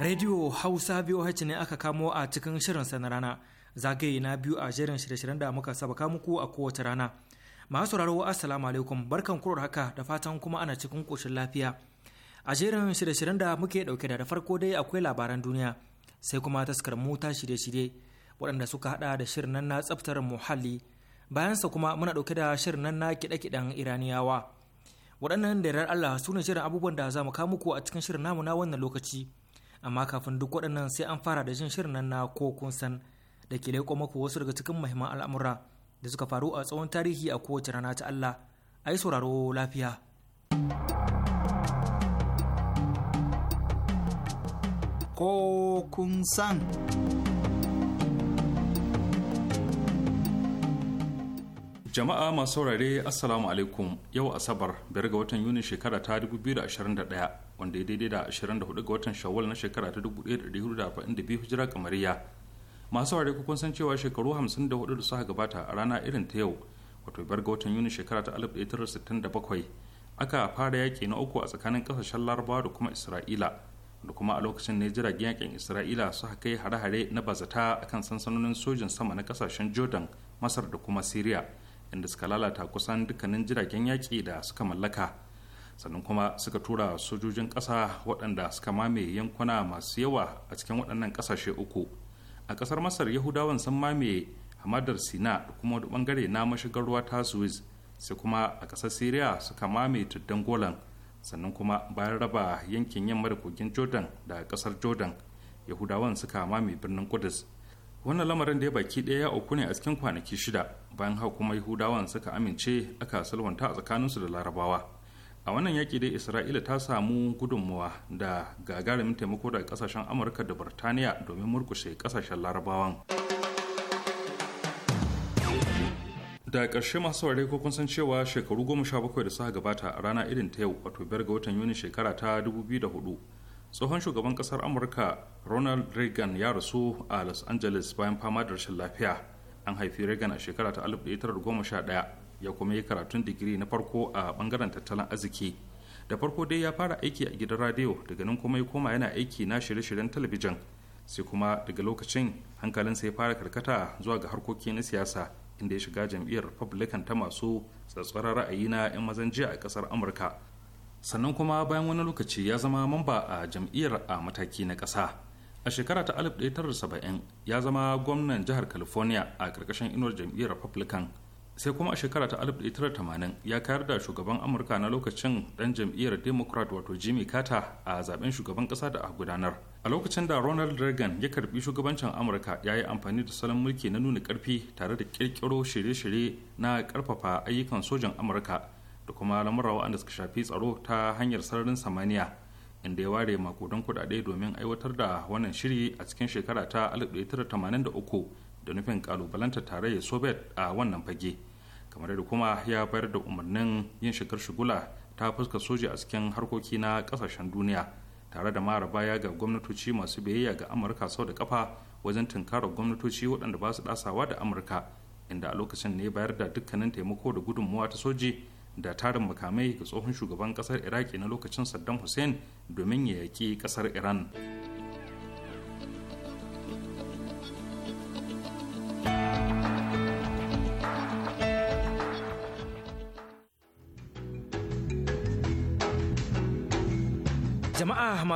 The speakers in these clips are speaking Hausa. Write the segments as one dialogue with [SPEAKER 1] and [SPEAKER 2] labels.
[SPEAKER 1] Radio Hausa VOH ne aka kamo a cikin shirin sa na rana. Zagaye na biyu a jerin shirye-shiryen da muka sabaka muku a kowace rana. Masu sauraro Assalamu alaikum barkan kurar haka da fatan kuma ana cikin koshin lafiya. A jerin shirye-shiryen da muke dauke da da farko dai akwai labaran duniya sai kuma taskar mota shirye-shirye waɗanda suka haɗa da shirin nan na tsaftar muhalli bayansa kuma muna dauke da shirin nan na kiɗe-kiɗen Iraniyawa. Waɗannan da Allah su ne shirin abubuwan da za mu kawo a cikin shirin namu na wannan lokaci. amma kafin duk waɗannan sai an fara da jin shirin nan na ko kun san da ke leƙo maku wasu daga cikin muhimman al'amura da suka faru a tsawon tarihi a kowace rana ta Allah a yi sauraro lafiya.
[SPEAKER 2] Ko kun san.
[SPEAKER 3] Jama'a masu saurare Assalamu alaikum yau Asabar biyar ga watan Yuni shekara ta 2021 wanda ya daidai da 24 ga watan shawwal na shekara ta 1442 hijira kamariya masu ware kukunsan san cewa shekaru 54 da suka gabata a rana irin ta yau wato bar ga watan yuni shekara ta 1967 aka fara yaki na uku a tsakanin kasashen larabawa da kuma isra'ila da kuma a lokacin ne jiragen yakin isra'ila suka kai hare-hare na bazata a kan sansanonin sojin sama na kasashen jordan masar da kuma syria inda suka lalata kusan dukkanin jiragen yaki da suka mallaka sannan kuma suka tura sojojin ƙasa waɗanda suka mame yankuna masu yawa a cikin waɗannan ƙasashe uku a ƙasar masar yahudawan sun mame hamadar sina da kuma wani ɓangare na mashigar ruwa ta suez sai kuma a ƙasar syria suka mame tuddan golan sannan kuma bayan raba yankin yamma da kogin jordan da ƙasar jordan yahudawan suka mame birnin kudus wannan lamarin da ya baki ɗaya ya auku ne a cikin kwanaki shida bayan haka kuma yahudawan suka amince aka sulwanta a tsakaninsu da larabawa a wannan yaki dai isra'ila ta samu gudunmawa da gagarumin taimako daga kasashen amurka da birtaniya domin murkushe kasashen larabawan da ƙarshe masu saurare ko kun san cewa shekaru goma sha bakwai da suka gabata a rana irin ta yau wato biyar ga watan yuni shekara ta 2004 tsohon shugaban ƙasar amurka ronald reagan ya rasu a los angeles bayan fama da rashin lafiya an haifi reagan a shekara ta 1911 ya kuma yi karatun digiri na farko a bangaren tattalin arziki da farko dai ya fara aiki a gidan radio daga nan kuma ya koma yana aiki na shirye-shiryen talabijin sai kuma daga lokacin hankalinsa ya fara karkata zuwa ga harkoki na siyasa inda ya shiga jam'iyyar republican ta masu tsatsarar ra'ayi na 'yan mazan jiya a kasar amurka sannan kuma bayan wani lokaci ya zama mamba a jam'iyyar a mataki na kasa a shekara ta 1970 ya zama gwamnan jihar california a ƙarƙashin inuwar jam'iyyar republican sai kuma a shekara ta 1980 ya kayar da shugaban amurka na lokacin dan jam'iyyar democrat wato jimmy carter a zaben shugaban kasa da a gudanar a lokacin da ronald reagan ya karbi shugabancin amurka ya yi amfani da salon mulki na nuna karfi tare da kirkiro shirye-shirye na karfafa ayyukan sojan amurka da kuma lamura waɗanda suka shafi tsaro ta hanyar sararin samaniya inda ya ware makudan kudade domin aiwatar da wannan shiri a cikin shekara ta 1983 da nufin kalubalanta tarayyar soviet a wannan fage kamar yadda kuma ya bayar da umarnin yin shigar shigula ta fuska soja a cikin harkoki na kasashen duniya tare da mara baya ga gwamnatoci masu biyayya ga amurka sau da kafa wajen tunkarar gwamnatoci waɗanda ba su ɗasawa da amurka inda a lokacin ne bayar da dukkanin taimako da gudunmuwa ta soji da tarin makamai ga tsohon shugaban kasar iraki na lokacin saddam hussein domin ya yaƙi kasar iran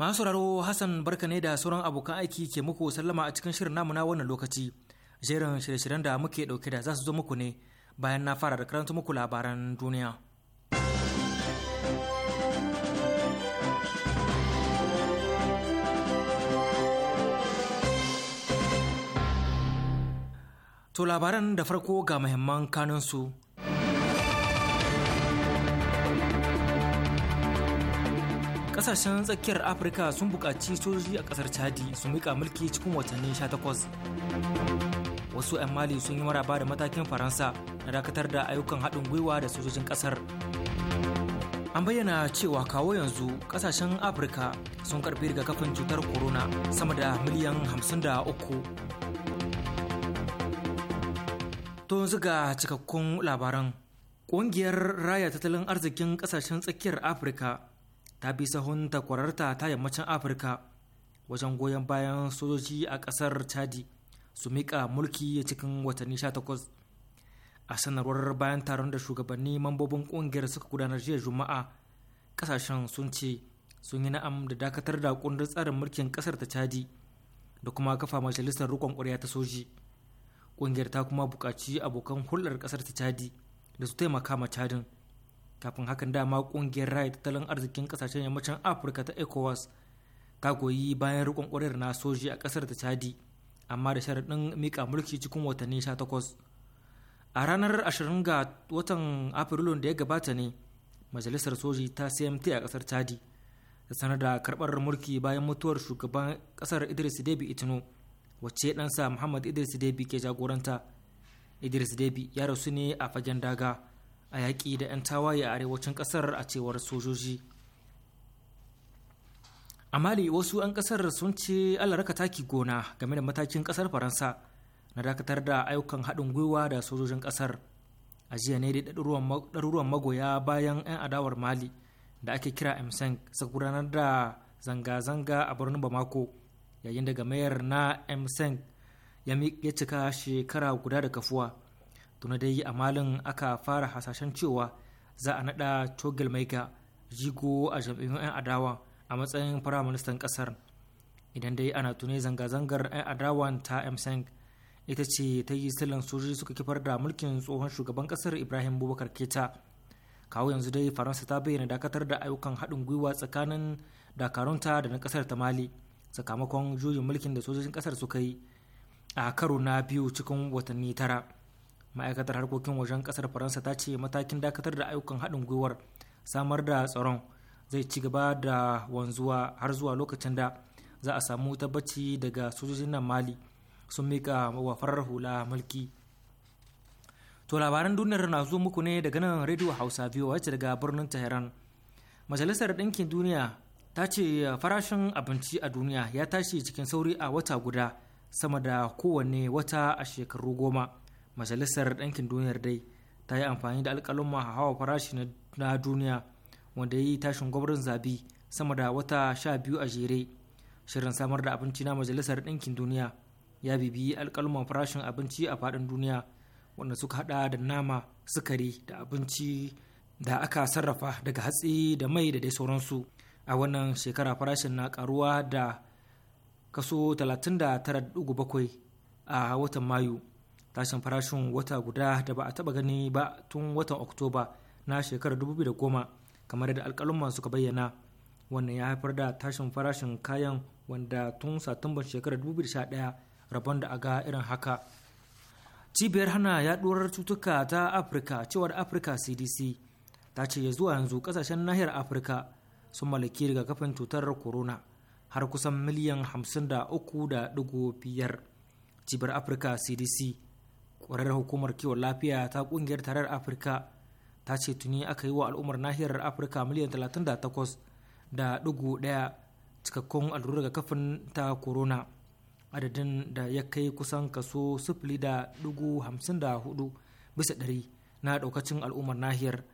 [SPEAKER 1] Masu sauraro Hassan barka ne da sauran abokan aiki ke muku sallama a cikin shirin namu na wannan lokaci. Jerin shirye-shiryen da muke dauke da za su zo muku ne bayan na fara da karanta muku labaran duniya. To labaran da farko ga muhimman kanunsu. kasashen tsakiyar afirka sun buƙaci sojoji a ƙasar chadi su mika mulki cikin watanni 18 wasu 'yan mali sun yi maraba da matakin faransa na dakatar da ayyukan haɗin gwiwa da sojojin ƙasar an bayyana cewa kawo yanzu kasashen afirka sun daga kafin cutar corona sama da miliyan 53 to yanzu ga cikakkun labaran ƙungiyar raya tattalin arzikin ƙasashen tsakiyar afirka ta bi sahun takwararta ta yammacin afirka wajen goyon bayan sojoji a ƙasar chadi su miƙa mulki cikin watanni 18 a sanarwar bayan taron da shugabanni mambobin ƙungiyar suka gudanar jiya juma'a ƙasashen sun ce sun yi na'am da dakatar da kundin tsarin mulkin ƙasar ta chadi da kuma kafa majalisar rikon ƙwarya ta soji ƙungiyar ta kuma buƙaci abokan hulɗar ƙasar ta chadi da su taimaka ma chadin kafin hakan dama kungiyar raya tattalin arzikin kasashen yammacin afirka ta ecowas ta goyi bayan rikon kwarar na soji a kasar ta chadi amma da sharaɗin mika mulki cikin watanni 18 a ranar 20 ga watan afirilun da ya gabata ne majalisar soji ta cmt a kasar chadi ta sanar da karɓar mulki bayan mutuwar shugaban kasar idris debi itino wacce ɗansa muhammad idris debi ke jagoranta idris debi ya rasu ne a fagen daga a yaƙi da 'yan tawaye a arewacin ƙasar a cewar sojoji a mali wasu 'yan ƙasar sun ce alaraka taki gona game da matakin ƙasar faransa na dakatar da ayyukan haɗin gwiwa da sojojin ƙasar a jiya ne da ɗaruruwan magoya bayan 'yan adawar mali da ake kira mseng suka gudanar da zanga-zanga a birnin bamako yayin da gamayar na mseng ya cika shekara guda da kafuwa tuna dai a malin aka fara hasashen cewa za a naɗa cogel maiga jigo a jam'iyyun 'yan adawa a matsayin firaministan ƙasar idan dai ana tuni zanga-zangar 'yan adawa ta mseng ita ce ta yi silin sojoji suka kifar da mulkin tsohon shugaban ƙasar ibrahim bubakar keta kawo yanzu dai faransa ta bayyana dakatar da ayyukan haɗin gwiwa tsakanin dakarunta da na kasar ta mali sakamakon juyin mulkin da sojojin ƙasar suka yi a karo na biyu cikin watanni tara ma'aikatar harkokin wajen kasar faransa ta ce matakin dakatar da ayyukan haɗin gwiwar samar da tsaron zai ci gaba da wanzuwa har zuwa lokacin da za a samu tabbaci daga sojojin nan mali sun mika wa farar hula mulki to labaran duniyar na zo muku ne daga nan radio hausa biyu wacce daga birnin tehran majalisar ɗinkin duniya ta ce farashin abinci a duniya ya tashi cikin sauri a wata guda sama da kowanne wata a shekaru goma majalisar ɗankin duniyar dai ta yi amfani da alƙalumma hawa farashi na duniya wanda ya yi tashin gwamnatin zabi sama da wata sha biyu a jere shirin samar da abinci na majalisar ɗinkin duniya ya bibiyi alƙalumman farashin abinci a faɗin duniya wanda suka hada da nama sukari da abinci da aka sarrafa daga hatsi da mai da dai sauransu a wannan shekara farashin na karuwa da kaso 39.7 a watan mayu tashin farashin wata guda da ba a taba gani ba tun watan oktoba na shekarar 2010 kamar da alkalumma suka bayyana wannan ya haifar da tashin farashin kayan wanda tun satumban shekarar 2011 rabon da aga irin haka cibiyar hana yaduwar cutuka ta afirka cewar afirka cdc ta ce ya zuwa yanzu ƙasashen nahiyar afirka sun mallaki daga rigakafin cutar corona har kusan miliyan 53.5 cibiyar afirka cdc ƙwararren hukumar kiwon lafiya ta ƙungiyar tarar afirka ta ce tuni aka yi wa al'ummar nahiyar afirka miliyan 38 da ɗigo ɗaya cikakkun allurar kafin ta corona adadin da ya kai kusan kaso sifili da ɗigo hamsin da hudu bisa ɗari na ɗaukacin al'ummar nahiyar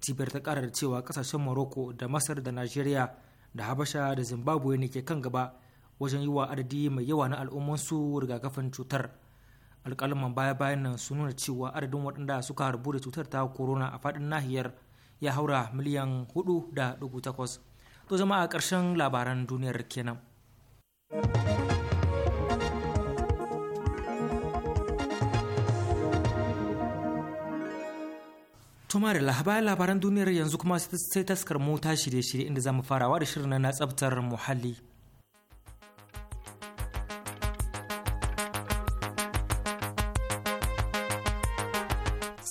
[SPEAKER 1] cibiyar ta ƙara da cewa ƙasashen morocco da masar da nigeria da habasha da zimbabwe ne ke kan gaba wajen yi wa adadi mai yawa na al'ummansu rigakafin cutar alƙalman baya-bayan nan sun nuna cewa adadin waɗanda suka harbu da cutar ta corona a faɗin nahiyar ya haura miliyan 4.8 to zama a ƙarshen labaran duniyar kenan tuma da labaran labaran duniyar yanzu kuma sai taskar mota shirye-shirye inda zamu farawa da shirin na tsabtar muhalli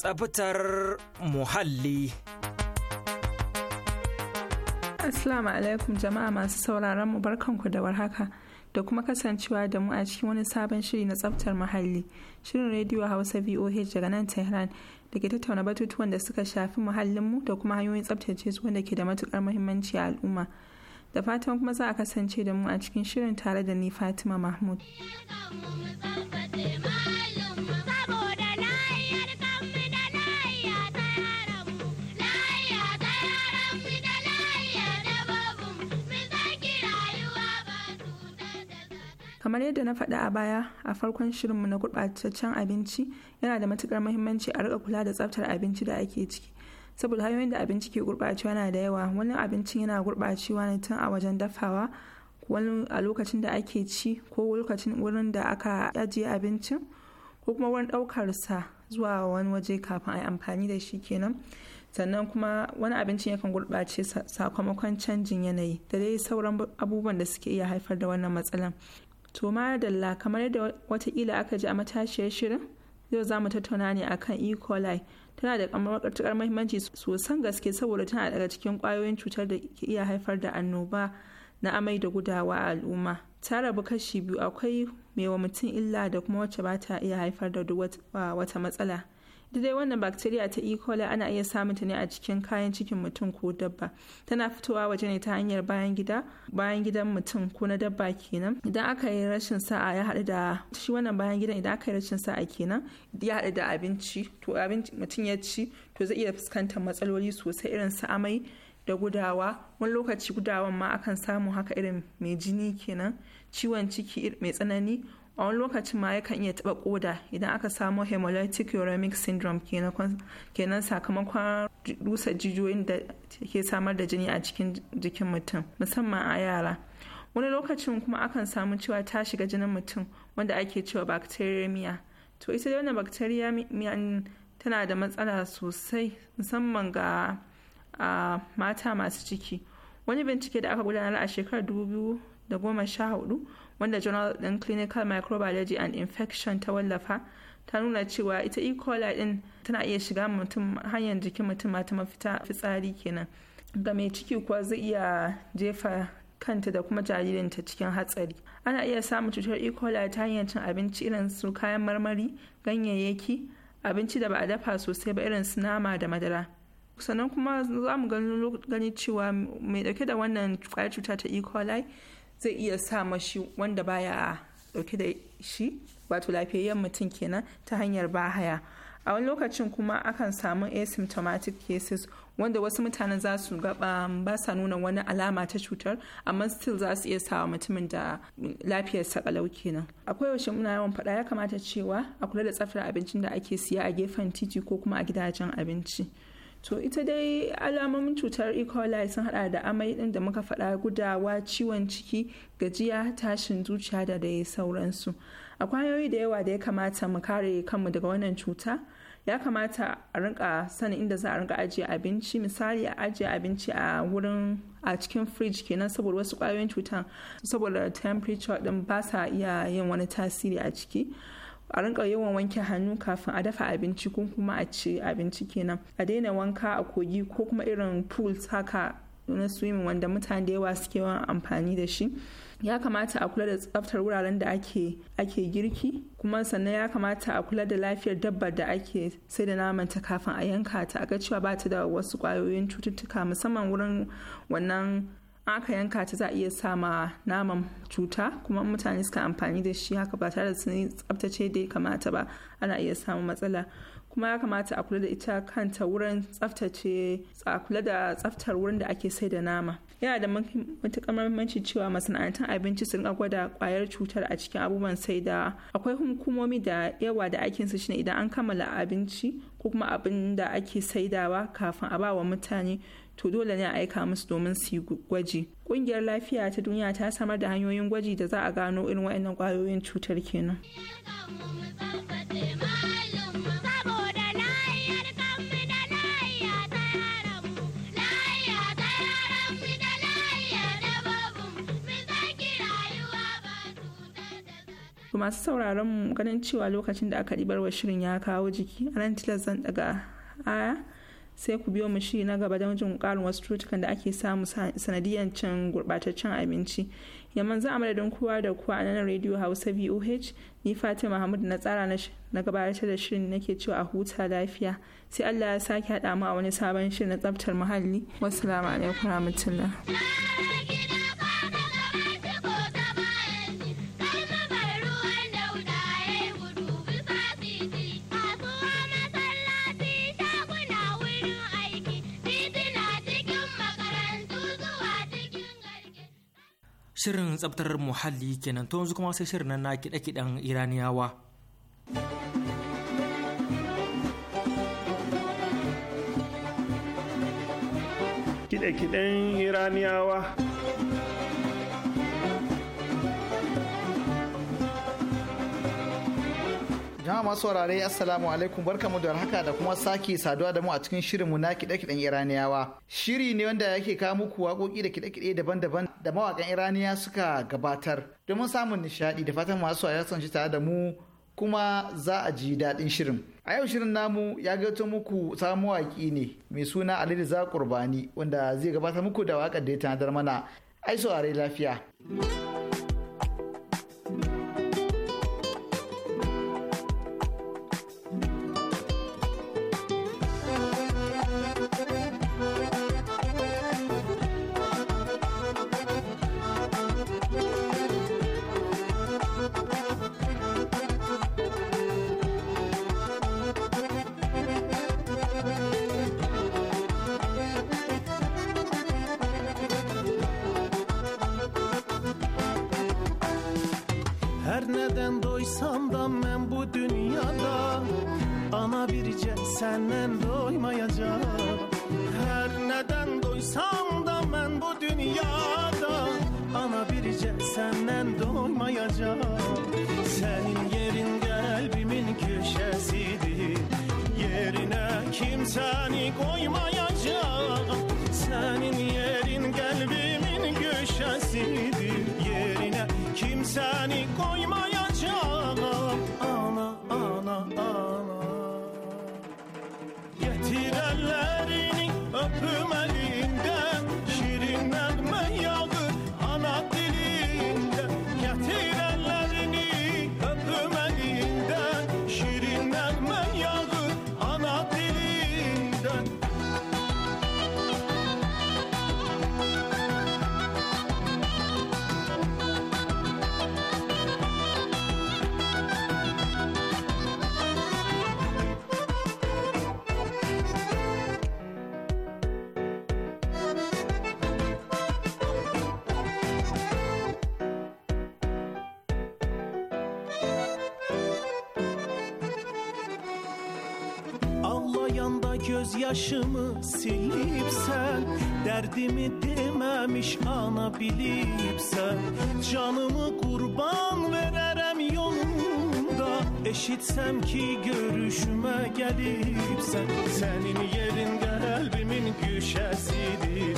[SPEAKER 1] tsabtar muhalli.
[SPEAKER 4] Assalamu alaikum jama'a masu sauraron mu barkanku da warhaka da kuma kasancewa da mu a cikin wani sabon shiri na tsaftar muhalli shirin rediyo Hausa VOH daga nan Tehran da ke tattauna batutuwan da suka shafi muhallinmu da kuma hanyoyin tsaftace su wanda ke da matukar muhimmanci a al'umma. Da fatan kuma za a kasance da mu a cikin shirin tare da ni Fatima Mahmud. kamar yadda na faɗa a baya a farkon shirinmu na gurɓataccen abinci yana da matukar muhimmanci a rika kula da tsaftar abinci da ake ciki saboda hanyoyin da abinci ke gurɓacewa na da yawa wani abincin yana gurɓacewa ne tun a wajen dafawa wani a lokacin da ake ci ko lokacin wurin da aka ajiye abincin ko kuma wurin ɗaukarsa zuwa wani waje kafin a yi amfani da shi kenan sannan kuma wani abincin yakan gurɓace sakamakon canjin yanayi da dai sauran abubuwan da suke iya haifar da wannan matsalan to dalla kamar yadda watakila aka ji a matashiyar shirin yau za mu tattauna ne akan e. coli tana da matuƙar mahimmanci sosan gaske saboda tana daga cikin kwayoyin cutar da ke iya haifar da annoba na amai da gudawa a al'umma ta rabu kashi biyu akwai mai wa mutum illa da kuma wacce ba ta iya haifar da wata matsala da dai wannan bakteriya ta e. coli ana iya samun ta ne a cikin kayan cikin mutum ko dabba tana fitowa waje ne ta hanyar bayan gida bayan gidan mutum ko na dabba kenan idan aka yi rashin sa'a ya haɗu da shi wannan bayan gidan idan aka yi rashin sa'a kenan ya haɗu da abinci to abinci mutum ya ci to zai iya fuskantar matsaloli sosai irin su amai da gudawa wani lokaci gudawan ma akan samu haka irin mai jini kenan ciwon ciki mai tsanani a wani lokacin ma yakan iya taɓa koda idan aka samo hemolytic uremic syndrome kenan sakamakon rusa jijiyoyin da ke samar da jini a cikin jikin mutum musamman a yara wani lokacin kuma akan samu cewa ta shiga jinin mutum wanda ake cewa bacteremia to ita wannan bacteremia tana da matsala sosai musamman ga mata masu ciki wani bincike da aka gudanar a shekarar 2014 wanda journal din clinical microbiology and infection ta wallafa ta nuna cewa ita e. coli din tana iya shiga mutum hanyar jikin mutum ta mafita fitsari kenan ga mai ciki kuwa zai iya jefa kanta da kuma jaririnta cikin hatsari ana iya samun cutar e. coli ta hanyar cin abinci irin su kayan marmari ganyayyaki abinci da ba a dafa sosai ba irin su nama da madara sannan kuma za mu gani cewa mai dauke da wannan kwayar cuta ta e. coli zai iya sa mashi wanda baya dauke da shi wato lafiyayyen mutum kenan ta hanyar bahaya a wani lokacin kuma akan samu asymptomatic cases wanda wasu mutane za su gaba um, ba sa nuna wani alama ta cutar amma still za su iya sawa mutumin da lafiyar sakalau kenan akwai yaushe muna yawan faɗa ya kamata cewa a kula da tsaftar abincin da ake siya a gefen titi ko kuma a gidajen abinci to ita dai alamomin cutar e. coli sun hada da amai din da muka faɗa gudawa ciwon ciki gajiya tashin zuciya da dai sauransu a kwayoyi da yawa da ya kamata mu kare kanmu daga wannan cuta ya kamata a rinka sanin inda za a rinka ajiye abinci misali a ajiye abinci a wurin a cikin fridge kenan saboda wasu kwayoyin cutan saboda temperature din ba sa iya yin wani tasiri a ciki a rinka yawan wanke hannu kafin a dafa abinci ko kuma a ci abinci kenan a daina wanka a kogi ko kuma irin pools haka na swimming wanda mutane da yawa suke yawan amfani da shi ya kamata a kula da tsaftar wuraren da ake ake girki kuma sannan ya kamata a kula da lafiyar dabbar da ake sai da namanta kafin a yanka ta a ga cewa ba ta da wasu kwayoyin cututtuka musamman wurin wannan aka yanka ta za a iya sa ma naman cuta kuma mutane suka amfani da shi haka ba tare da sun tsabtace da ya kamata ba ana iya samun matsala kuma ya kamata a kula da ita kanta wurin tsaftace a kula da tsaftar wurin da ake sai da nama yana da matuƙar mahimmanci cewa masana'antar abinci sun gwada kwayar cutar a cikin abubuwan sai da akwai hukumomi da yawa da aikin su shine idan an kammala abinci ko kuma abin da ake saidawa kafin a ba wa mutane to dole ne a aika musu domin su yi gwaji ƙungiyar lafiya ta duniya ta samar da hanyoyin gwaji da za a gano irin waɗannan ƙwayoyin cutar kenan masu sauraron mu ganin cewa lokacin da aka ɗibar wa shirin ya kawo jiki a nan tilas zan ɗaga aya sai ku biyo mu shi na gaba don jin karin wasu cutukan da ake samu sanadiyyar cin gurbataccen abinci yamman za a madadin kowa da kowa a nan radio hausa voh ni fatima mahmud na tsara na gabatar da shirin nake cewa a huta lafiya sai allah ya sake haɗa mu a wani sabon shirin na tsabtar muhalli wasu alaikum rahmatullah
[SPEAKER 1] Shirin tsabtar muhalli kenan to yanzu kuma sai shirin na kiɗe-kiɗen Iraniyawa.
[SPEAKER 5] Kiɗe-kiɗen Iraniyawa.
[SPEAKER 2] jama'a masu saurare assalamu alaikum barkamu da haka da kuma sake saduwa da mu a cikin shirinmu na kiɗe-kiɗen iraniyawa shiri ne wanda yake kawo muku waƙoƙi da kiɗe-kiɗe daban-daban da mawaƙan iraniya suka gabatar domin samun nishaɗi da fatan masu saurare sun shi tare da mu kuma za a ji daɗin shirin a yau shirin namu ya gato muku samu waƙi ne mai suna ali Riza wanda zai gabatar muku da waƙar da ya tanadar mana ai saurare lafiya.
[SPEAKER 5] köşesidir yerine kimseni koymayacağım ana ana ana getir ellerini öpüme Akla gözyaşımı silip sen Derdimi dememiş ana bilip sen Canımı kurban vererem yolunda Eşitsem ki görüşüme gelip sen Senin yerin kalbimin güşesidir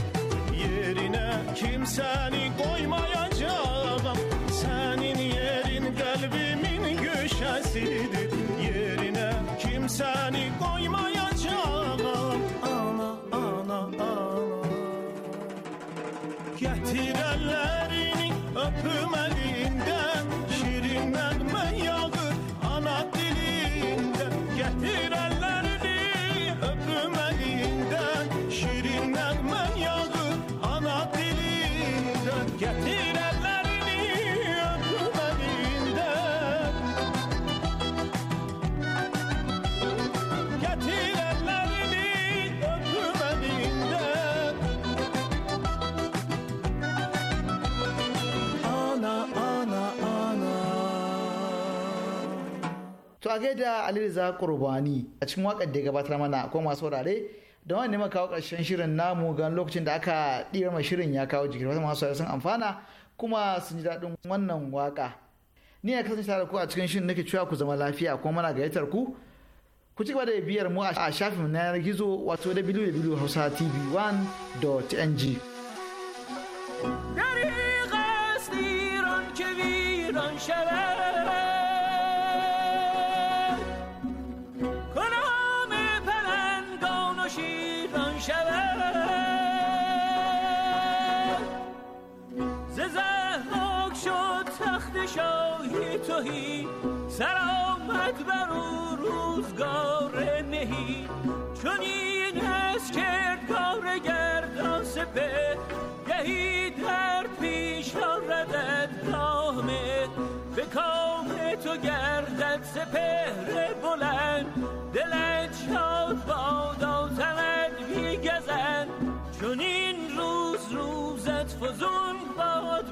[SPEAKER 5] Yerine kimseni koymayacağım Senin yerin kalbimin güşesidir
[SPEAKER 2] To a gaida Ali Reza Qurbani a cikin wakar da ya gabatar mana ko masu wurare don wani nema kawo ƙarshen shirin namu gan lokacin da aka ɗira mai shirin ya kawo jikin wasu masu sun amfana kuma sun ji daɗin wannan waƙa ni ya kasance tare ku a cikin shirin nake cewa ku zama lafiya kuma mana gayyatar ku ku ci gaba da biyar mu a shafin na yanar gizo wato www.hausa.tv1.ng tv
[SPEAKER 6] ƙasiran kibiran shabar توهی سلامت بر او روزگار مهی چون این از کردگار گردان سپه گهی در پیش آردد نامه به کام تو گردد سپهر بلند دلت شاد باد آتمد بیگزن چون این روز روزت فزون باد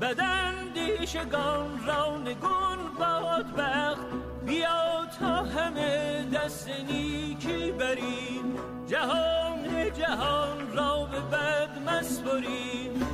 [SPEAKER 6] بدن شگان رانگون باد وقت بیا تا همه دست نیکی بریم جهان جهان را به بد مسبریم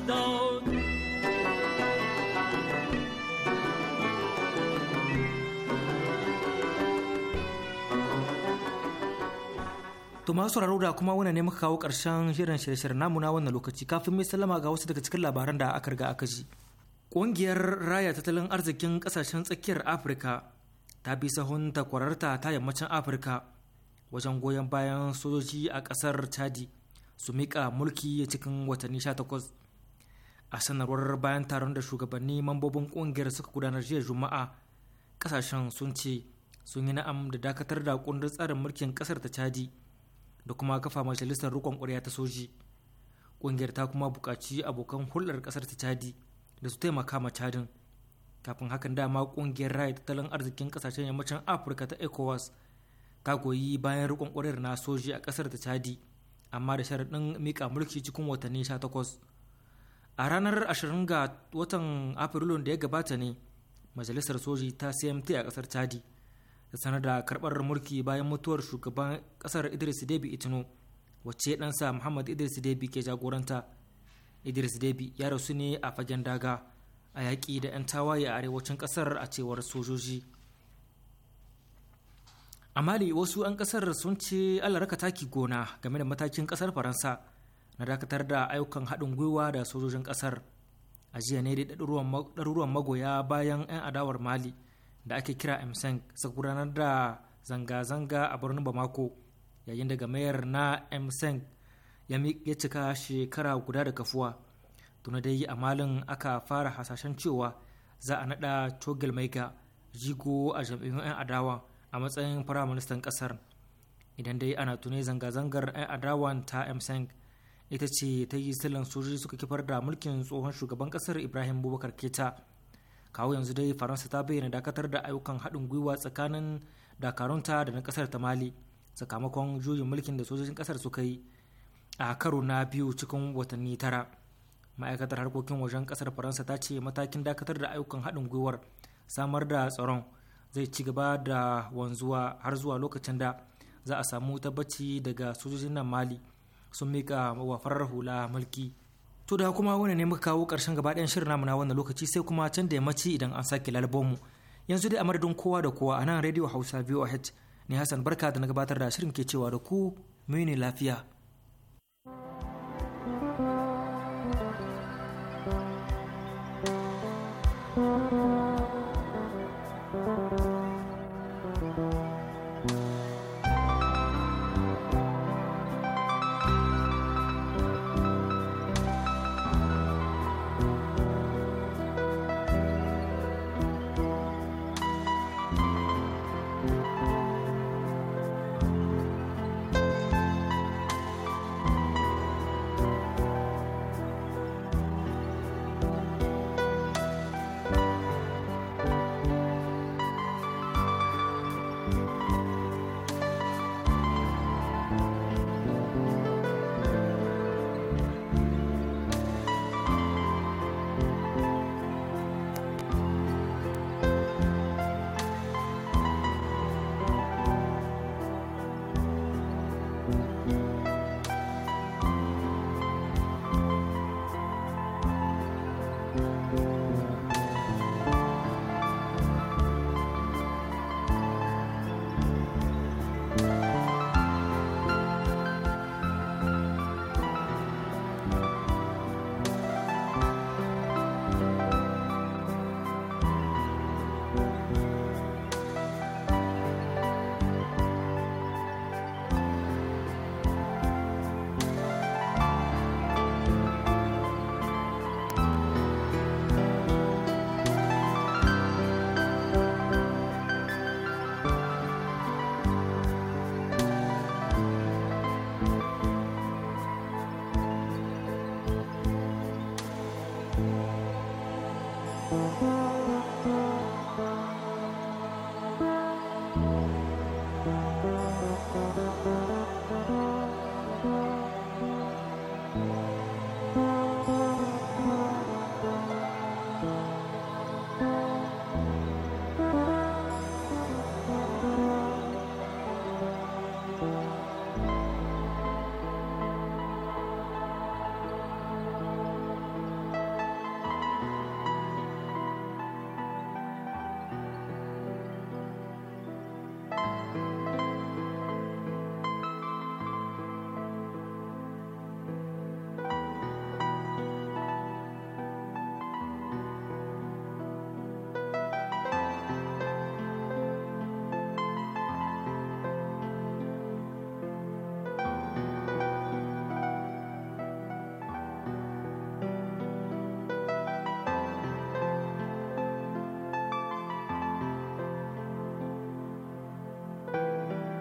[SPEAKER 6] dood.
[SPEAKER 1] To masu sauraro da kuma wannan ne muka kawo ƙarshen shirin shirye-shiryen namu na wannan lokaci kafin mai sallama ga wasu daga cikin labaran da aka riga aka ji. Ƙungiyar raya tattalin arzikin kasashen tsakiyar Afirka ta bi sahun takwararta ta yammacin Afirka wajen goyon bayan sojoji a ƙasar Chadi su miƙa mulki cikin watanni 18 a sanarwar bayan taron da shugabanni mambobin kungiyar suka gudanar jiya juma'a kasashen sun ce sun yi na'am da dakatar da kundin tsarin mulkin kasar ta chadi da kuma kafa majalisar rikon ƙwarya ta soji kungiyar ta kuma buƙaci abokan hulɗar kasar ta chadi da su taimaka ma chadin kafin hakan dama kungiyar raya tattalin arzikin kasashen yammacin afirka ta ecowas ta goyi bayan rikon ƙwarya na soji a kasar ta chadi amma da sharaɗin mika mulki cikin watanni takwas. a ranar 20 ga watan afrilun da ya gabata ne majalisar soji ta cmt a kasar chadi da sanar da karbar mulki bayan mutuwar shugaban kasar idris debi itino wacce ɗansa muhammad idris debi ke jagoranta idris debi ya rasu ne a fagen daga a yaƙi da 'yan tawaye a arewacin kasar a cewar sojoji a mali wasu 'yan kasar sun ce allah alaraka taki gona game da matakin kasar faransa na dakatar da ayyukan haɗin gwiwa da sojojin ƙasar a jiya ne da ɗaruruwan magoya bayan 'yan adawar mali da ake kira msn suka gudanar da zanga-zanga a birnin bamako yayin da gamayar na msn ya cika shekara guda da kafuwa tuna dai a malin aka fara hasashen cewa za a naɗa cogel maiga jigo a jam'iyyun 'yan adawa a matsayin firaministan ƙasar idan dai ana tuni zanga-zangar 'yan adawan ta msn ita ce ta yi sillan sojoji suka kifar da mulkin tsohon shugaban kasar ibrahim bubakar keta kawo yanzu dai faransa ta bayyana dakatar da ayyukan haɗin gwiwa tsakanin dakarunta da na kasar ta mali sakamakon juyin mulkin da sojojin kasar suka yi a karo na biyu cikin watanni tara ma'aikatar harkokin wajen kasar faransa ta ce matakin dakatar da ayyukan haɗin gwiwar samar da tsaron zai ci gaba da wanzuwa har zuwa lokacin da za a samu tabbaci daga sojojin nan mali sun mika wa farar hula mulki to da kuma wani ne muka kawo karshen gaba ɗayan shirin namu na wannan lokaci sai kuma can da yammaci idan an sake lalbomu yanzu dai a madadin kowa da kowa a nan rediyo hausa voh ne hassan barka da na gabatar da shirin ke cewa da ku muni lafiya
[SPEAKER 7] thank you